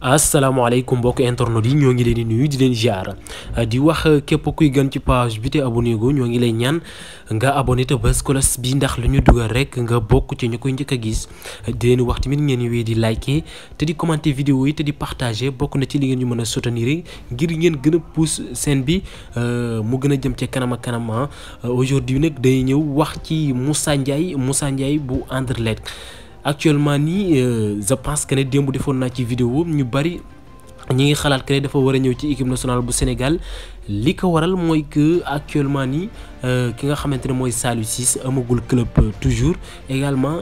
asalaamaaleykum mbokk internet yi ñoo ngi leen di nuyu di leen ziar ah, di wax képp kuy gën ci page bi te abonné go ñoo ngi lay ñaan nga abonné te bés kolas bi ndax lu ñu dugal rek nga bokk ci ñu koy njëkk a gis di leen wax tamit ngeen wéy di liker te di commenter vidéo yi te di partager bokk na ci li ngeen ñu mën a soutenir ngir ngeen gën a pousse seen bi euh, mu gën a jëm ca kanam kanama kanam ah. aujourd'hui nag day ñëw wax ci musaa Ndiaye Moussa Ndiaye bu Anderlecht actuellement ni euh, je pense que ne démb faire une ci vidéo ñu bari ñi ngi xalaat que dafa wara ñew ci équipe nationale bu Sénégal li ko waral moy que actuellement nii euh, ki nga xamantene moy mooy Saliou amagul club euh, toujours également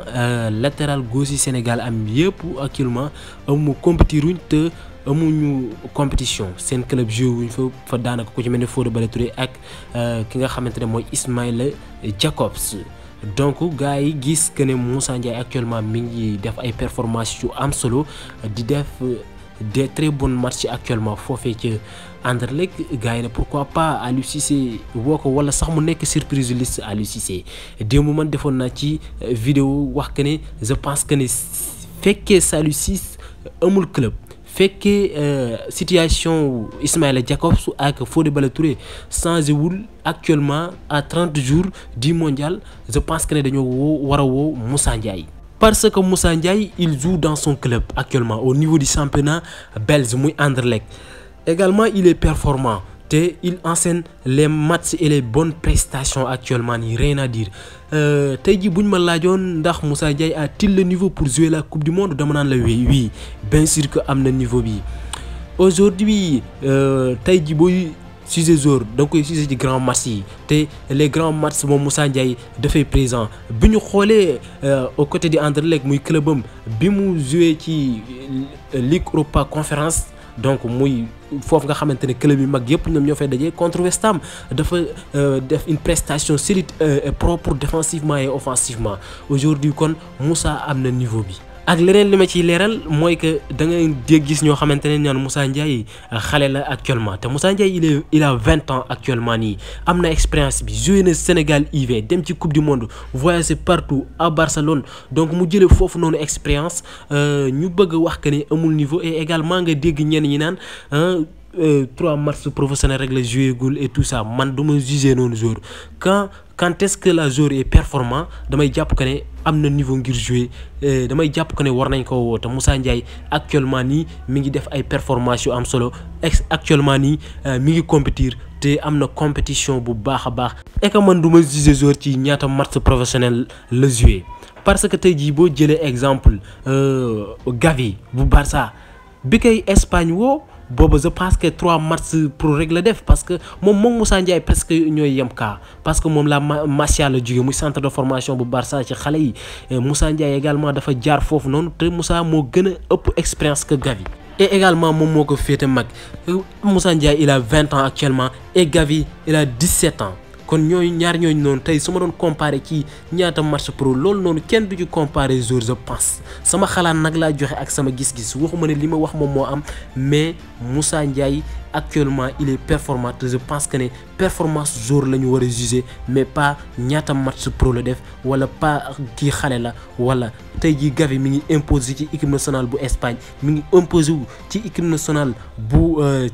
latéral gauche du Sénégal am yépp actuellement amu compétir te amu ñu compétition sen club jeu wuñ fa fa daanaka ku ci melni ne touré ak ki nga xamantene moy Ismaïla Jacobs donc gars yi gis que ne Moussa Ndiaye actuellement mi ngi def ay performances yu am solo di def euh, des très bons matchs actuellement fofé ci Anderlecht gars ne pourquoi pas à Cissé woko wala sax mu nek surprise liste Aliou Cissé démb man defon na ci euh, vidéo wax que ne je pense que ne fekkee Aliou Cissé euh, amul club que euh, situation où Jacobs Jacobs Fodé touré sans actuellement à 30 jours du mondial je pense que nous parce que Moussa il joue dans son club actuellement au niveau du championnat belge muy Anderlecht également il est performant. Et il enseigne les matchs et les bonnes prestations actuellement il rien à dire euh, tey jii bu ma Moussa Diaye a-t-il le niveau pour jouer la coupe du monde dama le oui oui bien sûr que am le niveau bi aujourd'hui euh, tey jii 6 sujet jour da nga koy sujet ci grand match les grands matchs de Moussa Ndiaye fait présent bi ñu euh, au côté de Anderlecht muy clubam bi mu joué ci Ligue Europa conférence donc il faut nga xamante club yu mag yëpp ñoom ñoo fay contre West Ham dafa euh, def une prestation solide euh, et propre défensivement et offensivement aujourd'hui kon Moussa am na niveau bi ak leneen li ma ciy leeral mooy que da ngay gis ñoo xamante ne ñaan Moussa Ndiaye euh, xale la actuellement te Moussa Ndiaye il a 20 ans actuellement nii am na expérience bi joué na Sénégal IV dem ci coupe du monde voyagé partout à Barcelone donc mu jëlee foofu noonu expérience euh, ñu bëgg wax que ne amul niveau et également nga dégg ñenn ñi naan. Hein, euh, trois matchs professionnels rek la et tout ça man du juger non joueur quand quand est-ce que la joueur est performant damay japp que ne amna niveau ngir jouer euh, damay japp que ne war nañ ko woote Moussa Ndiaye actuellement ni mi ngi def ay performances am solo actuellement ni euh, mi ngi compétir te amna compétition bu baax baax et que man du juger jugé joueur ci ñaata matchs professionnel le joué parce que tay jii boo jëlee exemple Gavi bu Barça bi Espagne wo bobo je pense que 3 matchs pour régler def parce que moom Moussa Ndiaye presque ñoy yam ka parce que mom la martial du centre de formation bu Barça ci xalé yi Moussa Ndiaye également dafa jaar fofu non te Moussa mo gëna a ëpp expérience que Gavi et également mom moko fété mag Moussa Ndiaye il a 20 ans actuellement et Gavi il a 17 ans kon ñooñu ñaar ñooñu noonu tey su ma doon comparé ci ñaata match pro loolu noonu kenn du ci comparé jour je pense sama xalaat nag laa joxe ak sama gis-gis waxuma ne li ma wax moom moo am mais Moussa Ndiaye actuellement il est performant je pense que les performance jour la ñu mais pas match pro le def wala pas la wala Gavi mi ngi imposé ci équipe nationale bu Espagne mi ngi ci euh,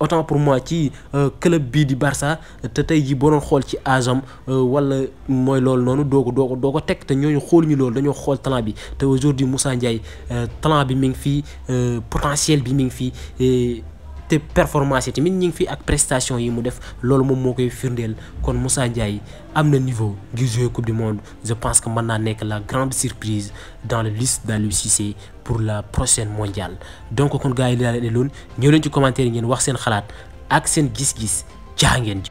autant pour moi ci euh, club but di Barça te tay ji bo xol ci âge euh, wala moy lol non ko dogo ko te ñu aujourd'hui Moussa Ndiaye talent bi mi ngi potentiel bi mi te performance yi tamit ñing fi ak prestation yi mu def loolu moom moo koy firndeel kon Moussa Ndiaye am na niveau ngir jouer coupe du monde je pense que mën naa nekk la grande surprise dans le liste d'Aliou Cissé pour la prochaine mondiale donc kon gars yi li laa leen loon ñëw leen ci commentaire yi ngeen wax seen xalaat ak seen gis-gis jaa ngeen